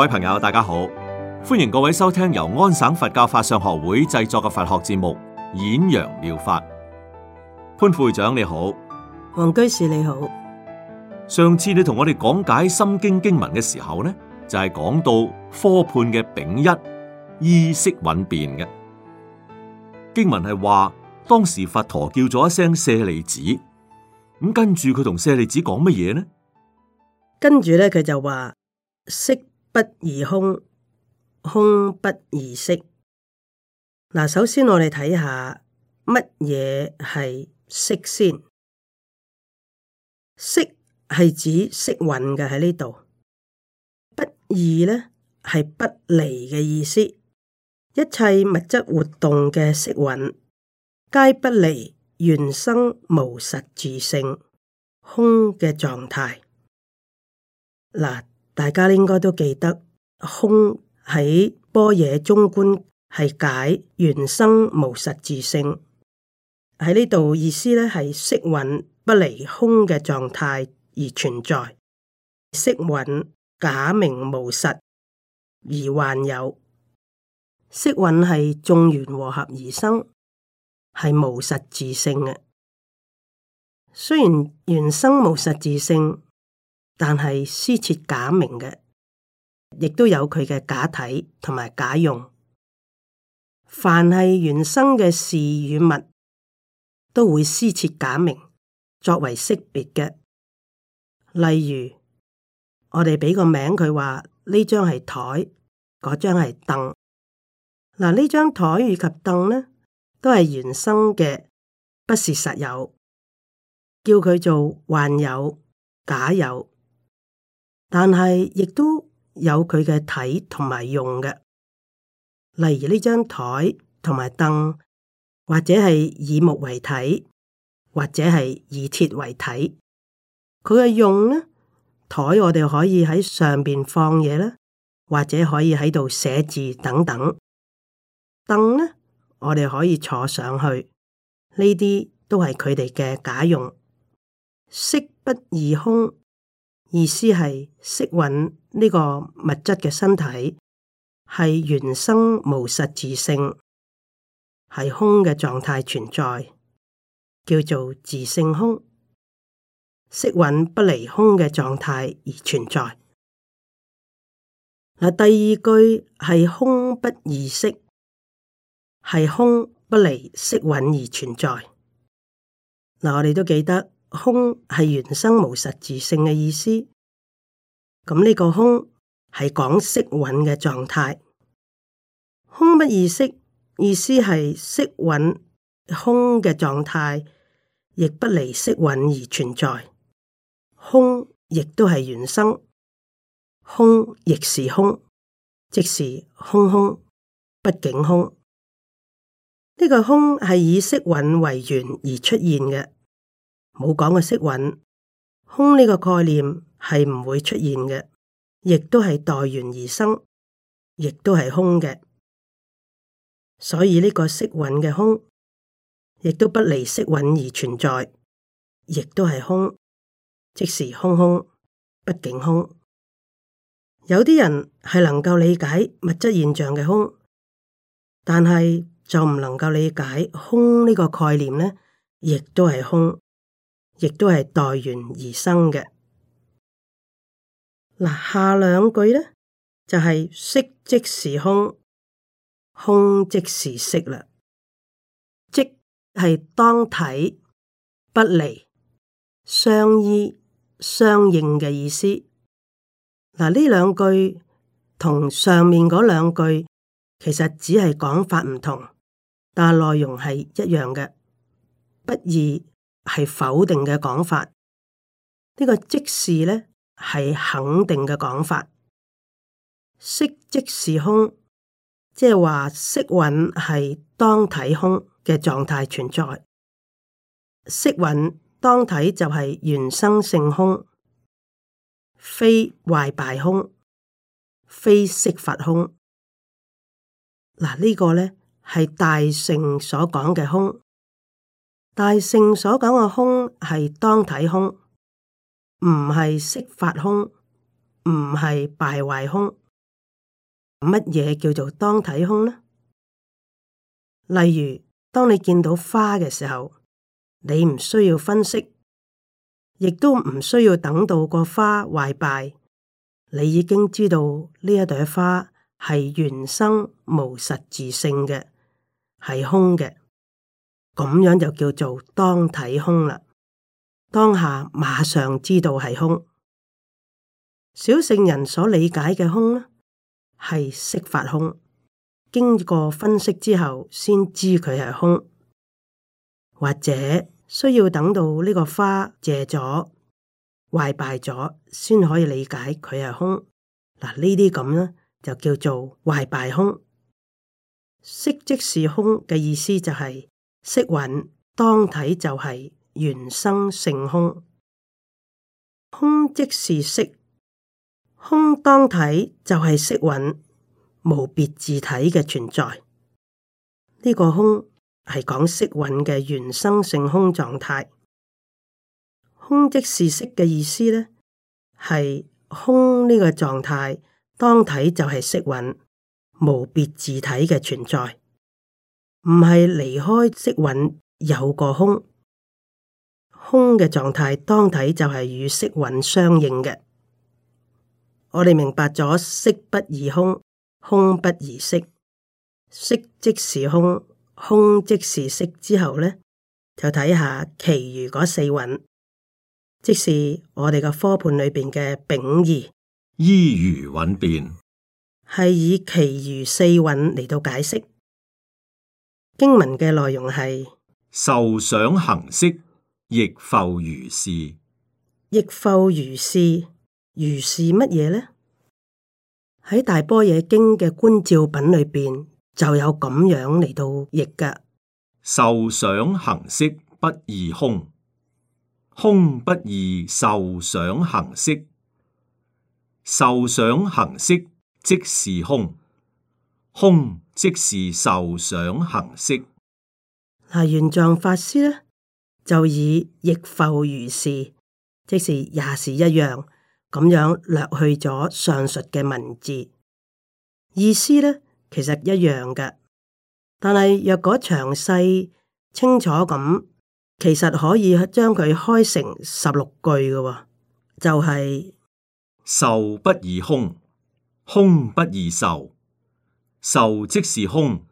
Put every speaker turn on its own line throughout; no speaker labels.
各位朋友，大家好，歡迎各位收聽由安省佛教法相學會製作嘅佛學節目《演揚妙，妙法》。潘副會長，你好，
黃居士你好。上
次你同我哋講解《心經》經文嘅時候呢，就係、是、講到科判嘅丙一意識穩變嘅經文係話，當時佛陀叫咗一聲舍利子，咁跟住佢同舍利子講乜嘢呢？
跟住咧，佢就話識。不異空，空不異色。嗱，首先我哋睇下乜嘢係色先？色係指色蘊嘅喺呢度。不異呢係不離嘅意思，一切物質活動嘅色蘊皆不離原生無實自性空嘅狀態。嗱。大家應該都記得，空喺般若中觀係解原生無實自性。喺呢度意思咧，係色蘊不離空嘅狀態而存在，色蘊假名無實而幻有。色蘊係眾緣和合而生，係無實自性嘅，雖然原生無實自性。但係施設假名嘅，亦都有佢嘅假體同埋假用。凡係原生嘅事與物，都會施設假名作為識別嘅。例如，我哋畀個名佢話呢張係台，嗰張係凳。嗱，呢張台以及凳呢，都係原生嘅，不是實有，叫佢做幻有、假有。但係亦都有佢嘅體同埋用嘅，例如呢張台同埋凳，或者係以木為體，或者係以鐵為體。佢嘅用呢？台我哋可以喺上邊放嘢啦，或者可以喺度寫字等等。凳呢？我哋可以坐上去。呢啲都係佢哋嘅假用。色不異空。意思係色蘊呢個物質嘅身體係原生無實自性，係空嘅狀態存在，叫做自性空。色蘊不離空嘅狀態而存在。嗱，第二句係空不異色，係空不離色蘊而存在。嗱、嗯，我哋都記得。空係原生無實質性嘅意思，咁呢個空係講色蘊嘅狀態。空不異色，意思係色蘊空嘅狀態，亦不離色蘊而存在。空亦都係原生，空亦是空，即是空空不境空。呢、這個空係以色蘊為緣而出現嘅。冇講過色蘊，空呢個概念係唔會出現嘅，亦都係待緣而生，亦都係空嘅。所以呢個色蘊嘅空，亦都不離色蘊而存在，亦都係空，即是空空畢竟空。有啲人係能夠理解物質現象嘅空，但係就唔能夠理解空呢個概念呢，亦都係空。亦都係待緣而生嘅。嗱，下兩句呢就係色即是空，空即是色啦。即係當體不離相依相應嘅意思。嗱，呢兩句同上面嗰兩句其實只係講法唔同，但係內容係一樣嘅，不二。係否定嘅講法，呢、這個即是咧係肯定嘅講法。色即是空，即係話色蘊係當體空嘅狀態存在。色蘊當體就係原生性空，非壞敗空，非析法空。嗱、這個，呢個咧係大聖所講嘅空。大聖所講嘅空係當體空，唔係析法空，唔係敗壞空。乜嘢叫做當體空呢？例如，當你見到花嘅時候，你唔需要分析，亦都唔需要等到個花壞敗，你已經知道呢一朵花係原生無實自性嘅，係空嘅。咁樣就叫做當體空啦，當下馬上知道係空。小聖人所理解嘅空呢，係析法空，經過分析之後先知佢係空，或者需要等到呢個花謝咗、壞敗咗，先可以理解佢係空。嗱，呢啲咁呢，就叫做壞敗空。色即是空嘅意思就係、是。色蘊當體就係原生性空，空即是色，空當體就係色蘊無別自體嘅存在。呢、這個空係講色蘊嘅原生性空狀態。空即是色嘅意思咧，係空呢個狀態當體就係色蘊無別自體嘅存在。唔係離開色蘊有個空空嘅狀態，當體就係與色蘊相應嘅。我哋明白咗色不異空，空不異色，色即是空，空即是色之後咧，就睇下其餘嗰四蘊，即是我哋個科判裏邊嘅丙二
依如蘊變，
係以其餘四蘊嚟到解釋。經文嘅內容係
受想行識亦復如是，
亦復如是。如是乜嘢呢？喺大般若經嘅觀照品裏邊就有咁樣嚟到譯噶。
受想行識不異空，空不異，受想行識，受想行識即是空，空。即是受想行識，
嗱，玄奘法師咧就以亦復如是，即是也是一樣咁樣略去咗上述嘅文字，意思咧其實一樣嘅。但係若果詳細清楚咁，其實可以將佢開成十六句嘅，就係、
是、受不異空，空不異受。受即是空，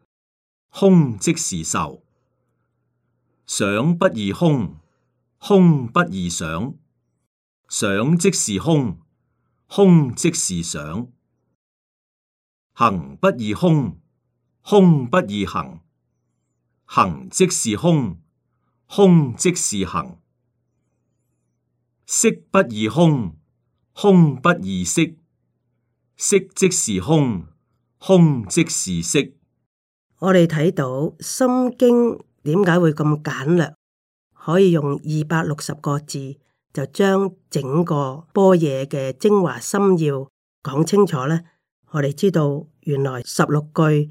空即是受；想不異空，空不異想；想即是空，空即是想；行不異空，空不異行；行即是空，空即是行；色不異空，空不異色；色即是空。空即是色，
我哋睇到《心經》點解會咁簡略，可以用二百六十個字就將整個般若嘅精華心要講清楚咧。我哋知道原來十六句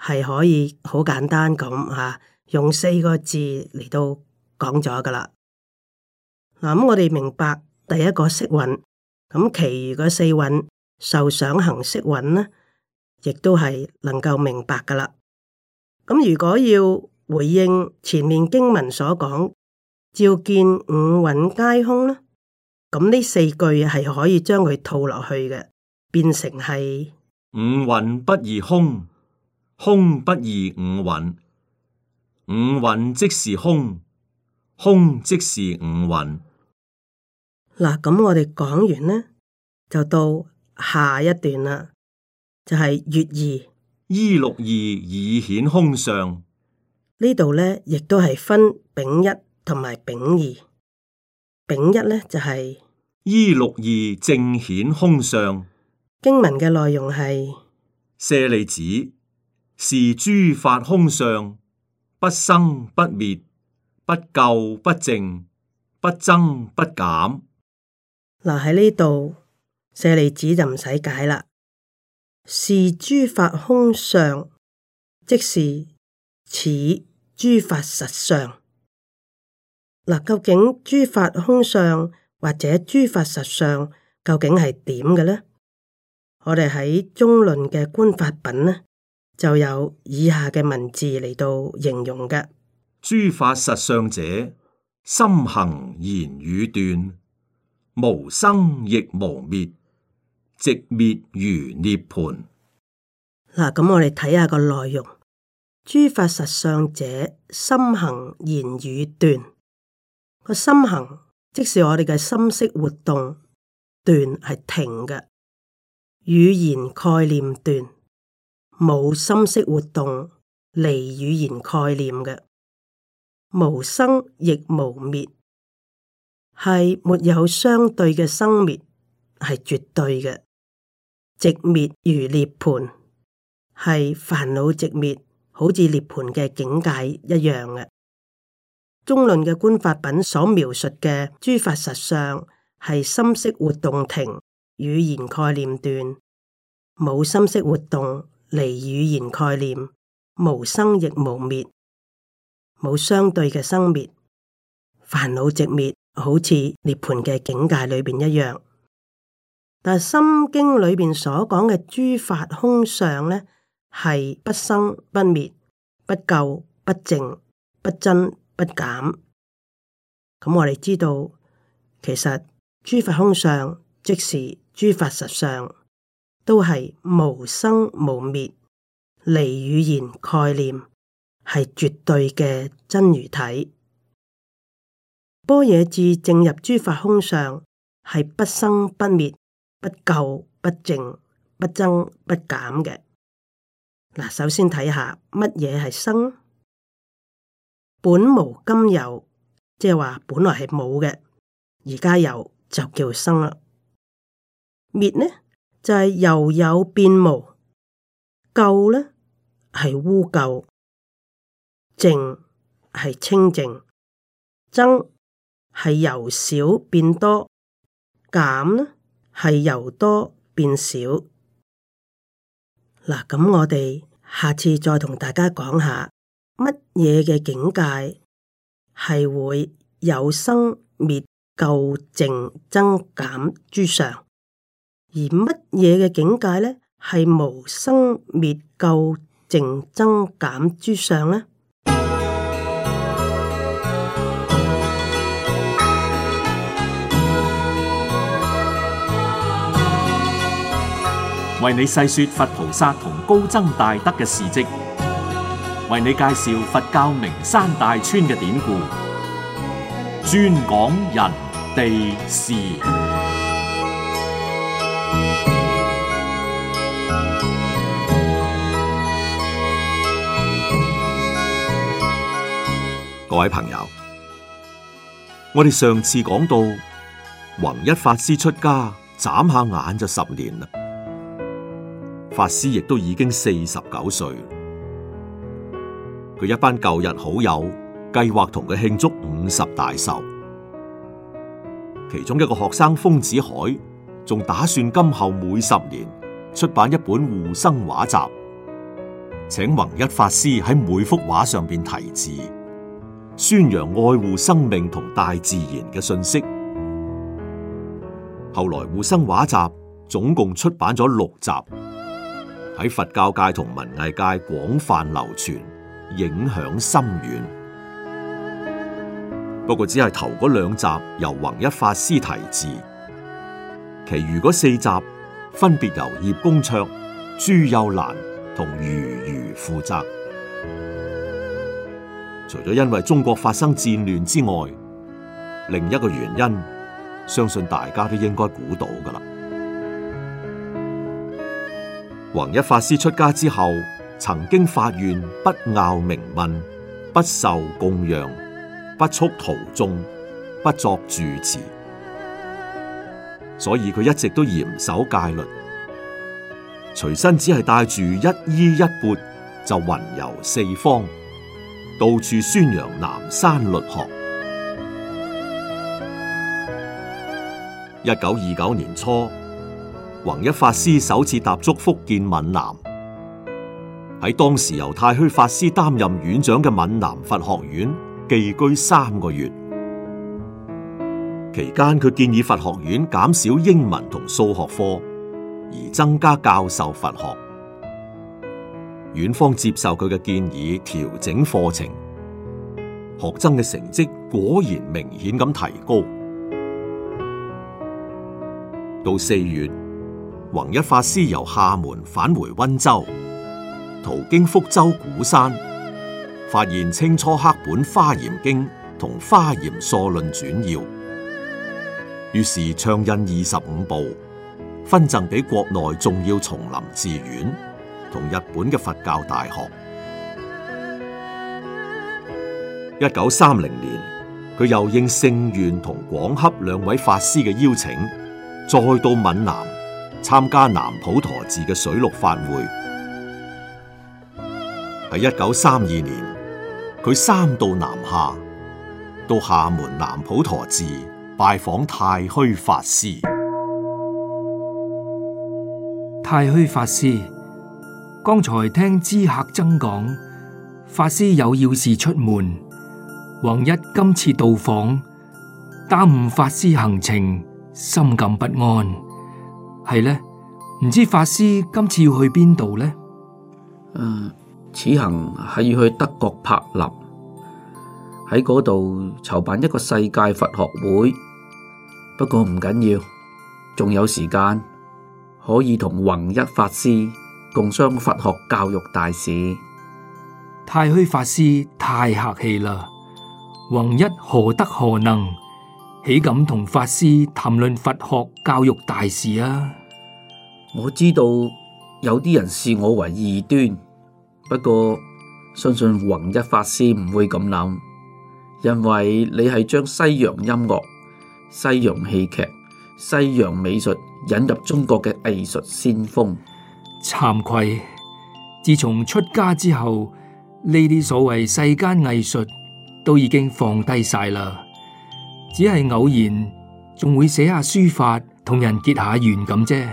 係可以好簡單咁啊，用四個字嚟到講咗噶啦。嗱、啊，咁、嗯、我哋明白第一個色蘊，咁、嗯、其餘嘅四蘊受想行識蘊呢？亦都係能夠明白噶啦。咁如果要回應前面經文所講，照見五蘊皆空呢？咁呢四句係可以將佢套落去嘅，變成係
五蘊不異空，空不異五蘊，五蘊即是空，空即是五蘊。
嗱，咁我哋講完呢，就到下一段啦。就係月二，
依六二以顯空相。
呢度咧，亦都係分丙一同埋丙二。丙一咧就係、
是、依六二正顯空相。
經文嘅內容係：
舍利子，是諸法空相，不生不滅，不垢不淨，不增不減。
嗱，喺呢度，舍利子就唔使解啦。是諸法空相，即是此諸法實相。嗱、啊，究竟諸法空相或者諸法實相究竟係點嘅呢？我哋喺中論嘅觀法品呢，就有以下嘅文字嚟到形容嘅：
諸法實相者，心行言語斷，無生亦無滅。直滅如涅盤。
嗱，咁我哋睇下個內容。諸法實相者，心行言語斷。個心行，即是我哋嘅心識活動；斷係停嘅。語言概念斷，冇心識活動，離語言概念嘅。無生亦無滅，係沒有相對嘅生滅，係絕對嘅。寂滅如涅槃，係煩惱寂滅，好似涅槃嘅境界一樣嘅。中論嘅觀法品所描述嘅諸法實相，係心識活動停，語言概念斷，冇心識活動嚟語言概念，無生亦無滅，冇相對嘅生滅，煩惱寂滅，好似涅槃嘅境界裏邊一樣。但《心經》裏面所講嘅諸法空相呢，係不生不滅、不垢不淨、不增不減。咁我哋知道，其實諸法空相即是諸法實相，都係無生無滅、離語言概念，係絕對嘅真如體。般若智正入諸法空相，係不生不滅。不垢不淨、不增不減嘅嗱，首先睇下乜嘢係生？本無今有，即係話本來係冇嘅，而家有就叫生啦。滅呢就係、是、由有變無，垢呢係污垢，淨係清淨，增係由少變多，減呢？係由多變少嗱。咁我哋下次再同大家講下乜嘢嘅境界係會有生滅、垢淨增減諸相，而乜嘢嘅境界咧係無生滅、垢淨增減諸相咧？
為你細說佛菩薩同高僧大德嘅事蹟，為你介紹佛教名山大川嘅典故，專講人地事。各位朋友，我哋上次講到弘一法師出家，眨下眼就十年啦。法師亦都已經四十九歲，佢一班舊日好友計劃同佢慶祝五十大壽，其中一個學生豐子愷仲打算今後每十年出版一本護生畫集，請弘一法師喺每幅畫上邊題字，宣揚愛護生命同大自然嘅信息。後來護生畫集總共出版咗六集。喺佛教界同文藝界廣泛流傳，影響深遠。不過只係頭嗰兩集由弘一法師題字，其餘嗰四集分別由葉恭綽、朱幼蘭同虞愚負責。除咗因為中國發生戰亂之外，另一個原因，相信大家都應該估到㗎喇。弘一法師出家之後，曾經發願不拗名聞、不受供養、不觸途眾、不作住持，所以佢一直都嚴守戒律，隨身只係帶住一衣一缽，就雲遊四方，到處宣揚南山律學。一九二九年初。弘一法師首次踏足福建閩南，喺當時由太虛法師擔任院長嘅閩南佛學院寄居三個月。期間，佢建議佛學院減少英文同數學科，而增加教授佛學。院方接受佢嘅建議，調整課程，學生嘅成績果然明顯咁提高。到四月。弘一法師由廈門返回温州，途經福州鼓山，發現清初刻本《華嚴經》同《華嚴疏論纂要》，於是倡印二十五部，分贈俾國內重要叢林寺院同日本嘅佛教大學。一九三零年，佢又應性願同廣洽兩位法師嘅邀請，再到閩南。參加南普陀寺嘅水陸法會，喺一九三二年，佢三度南下，到廈門南普陀寺拜訪太虛法師。太虛法師剛才聽
知客僧講，法師有要事出門，弘一今次到訪，耽誤法師行程，深感不安。係呢？唔知法師今次要去邊度呢？誒、
呃，此行係要去德國柏林，喺嗰度籌辦一個世界佛學會。不過唔緊要，仲有時間可以同弘一法師共商佛學教育大事。太虛法師太客氣啦，弘
一何德何能？豈敢同法師談論佛學教育大
事啊？我知道有啲人視我為異端，不過相信弘一法師唔會咁諗，因為你係將西洋音樂、西洋戲劇、西洋美術引入中國嘅藝術先鋒。慚愧，自從
出家之後，呢啲所謂世間藝術都已經放低晒啦。只係偶然，仲會寫下書法同人結下
緣咁啫。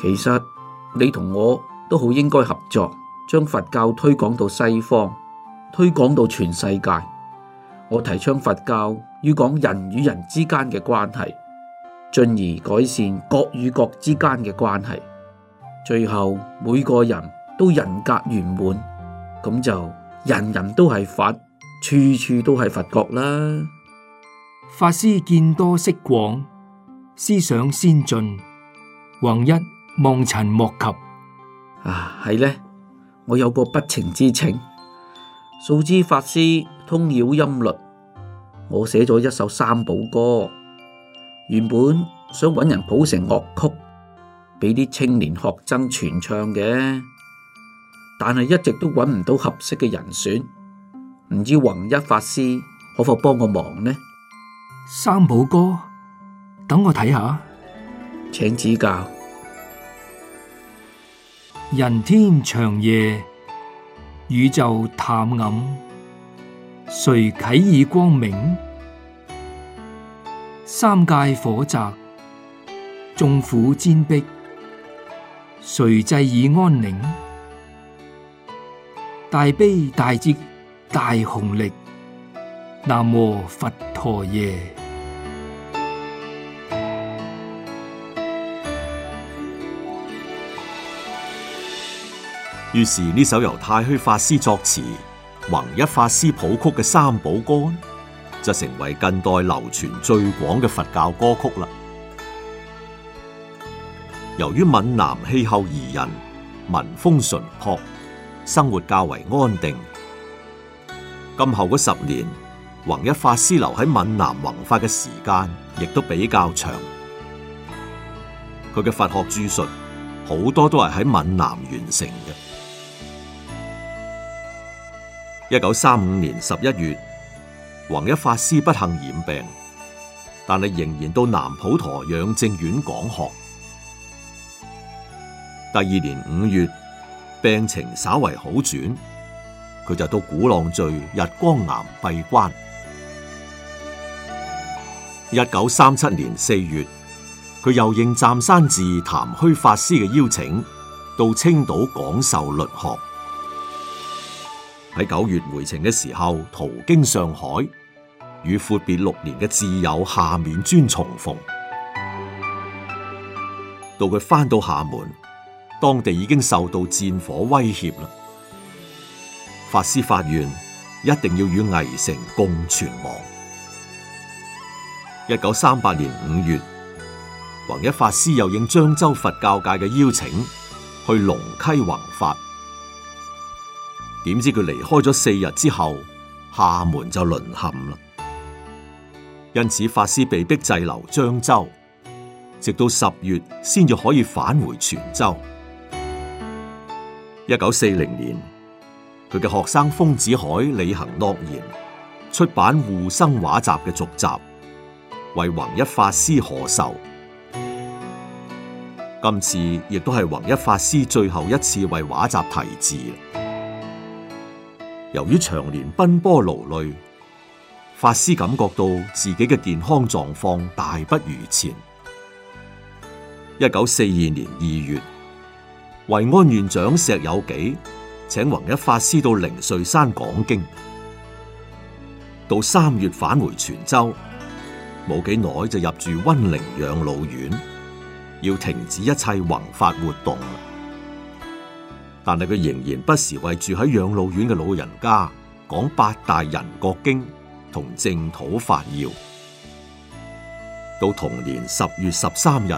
其實你同我都好應該合作，將佛教推廣到西方，推廣到全世界。我提倡佛教要講人與人之間嘅關係，進而改善國與國之間嘅關係，最後每個人都人格圓滿，咁就人人都係佛，處處都係佛國
啦。法師見多識廣，思想先
進，弘一望塵莫及啊！係呢，我有個不情之請，素知法師通曉音律，我寫咗一首三寶歌，原本想搵人譜成樂曲，俾啲青年學僧傳唱嘅，但係一直都搵唔到合適嘅人選，唔知弘一法師可否幫個忙呢？三寶歌，等我睇下，請指教。
人天長夜，宇宙探暗，誰啟以光明？三界火宅，眾苦煎逼，誰濟以安寧？大悲大智大雄力，南無佛。何夜？
於是呢首由太虛法師作詞、弘一法師譜曲嘅《三寶歌》，就成為近代流傳最廣嘅佛教歌曲啦。由於閩南氣候宜人、民風淳朴、生活較為安定，今後嗰十年。弘一法師留喺閩南弘法嘅時間亦都比較長，佢嘅佛學著述好多都係喺閩南完成嘅。一九三五年十一月，弘一法師不幸染病，但係仍然到南普陀養正院講學。第二年五月，病情稍為好轉，佢就到鼓浪嶼日光岩閉關。一九三七年四月，佢又應湛山寺倓虛法師嘅邀請，到青島講授律學。喺九月回程嘅時候，途經上海，與闊別六年嘅摯友夏丏尊重逢。到佢翻到廈門，當地已經受到戰火威脅啦。法師發願，一定要與危城共存亡。一九三八年五月，弘一法師又應漳州佛教界嘅邀請，去龍溪弘法。點知佢離開咗四日之後，廈門就淪陷啦。因此，法師被迫滯留漳州，直到十月先至可以返回泉州。一九四零年，佢嘅學生豐子愷履行諾言，出版《護生畫集》嘅續集。為弘一法師賀壽。今次亦都係弘一法師最後一次為畫集題字。由於長年奔波勞累，法師感覺到自己嘅健康狀況大不如前。一九四二年二月，惠安縣長石有紀請弘一法師到靈瑞山講經，到三月返回泉州。冇幾耐就入住溫陵養老院，要停止一切弘法活動。但係佢仍然不時為住喺養老院嘅老人家講八大人國經同淨土法要。到同年十月十三日，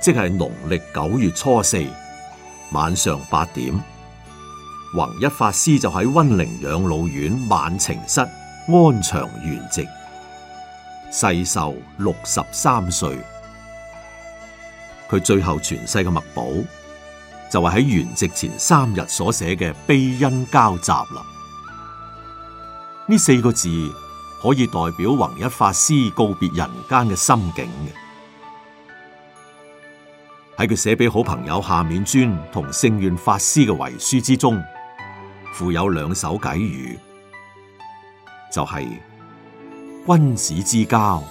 即係農曆九月初四晚上八點，弘一法師就喺溫陵養老院晚晴室安詳圓寂。世壽六十三歲，佢最後傳世嘅墨寶就係、是、喺圓寂前三日所寫嘅《悲恩交集》啦。呢四個字可以代表弘一法師告別人間嘅心境嘅。喺佢寫俾好朋友夏丏尊同聖願法師嘅遺書之中，附有兩首偈語，就係、是。君子之交，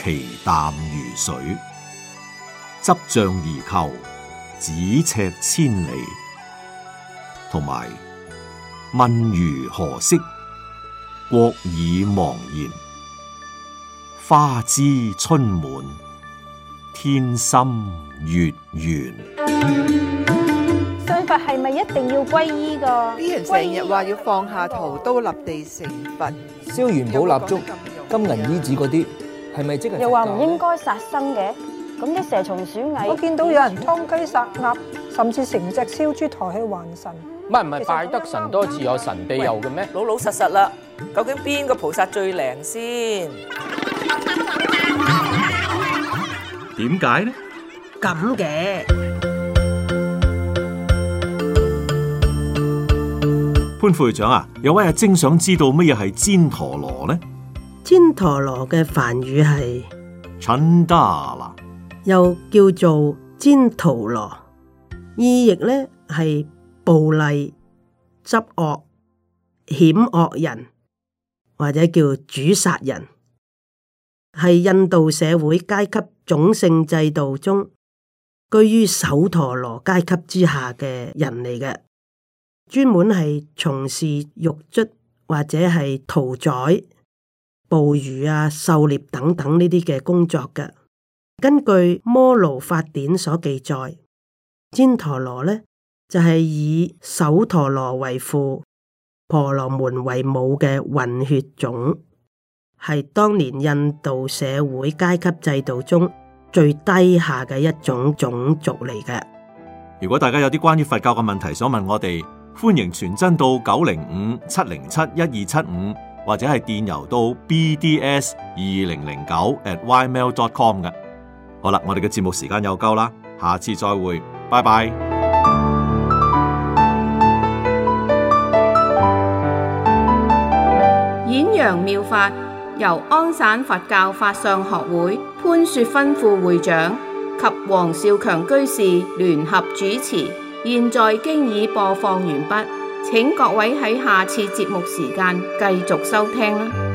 其淡如水；執象而求，咫尺千里。同埋問余何適，廓爾忘言，花枝春滿，天心月圓。
信佛係咪一定要皈依
噶？啲人成日話要放下屠刀立地成
佛，燒元寶蠟燭。
金銀衣紙嗰啲係咪即係？又話唔應
該殺生嘅，咁啲蛇蟲鼠蟻，我見到有人劏雞殺鴨，甚至成隻燒豬抬去還神。唔係唔係，拜得神多自有神庇佑嘅咩？老老實實啦，究竟邊個菩薩最靈
先？
點解呢？
咁嘅
潘副隊長啊，有位阿晶想知道乜嘢係旃陀羅呢？
旃陀羅嘅梵語係旃達羅，又叫做旃陀羅，意譯呢係暴戾、執惡、險惡人，或者叫主殺人，係印度社會階級種姓制度中居於首陀羅階級之下嘅人嚟嘅，專門係從事獄卒或者係屠宰。捕魚啊、狩獵等等呢啲嘅工作嘅。根據《摩奴法典》所記載，旃陀羅呢就係、是、以首陀羅為父、婆羅門為母嘅混血種，係當年印度社會階級制度中最低下嘅一種種族嚟嘅。
如果大家有啲關於佛教嘅問題想問我哋，歡迎傳真到九零五七零七一二七五。或者係電郵到 bds 二零零九 at ymail.com 嘅。好啦，我哋嘅節目時間又夠啦，下次再會，拜拜。
演揚妙法由安省佛教法相學會潘雪芬副會長及黃少強居士聯合主持，現在經已播放完畢。請各位喺下次節目時間繼續收聽啦。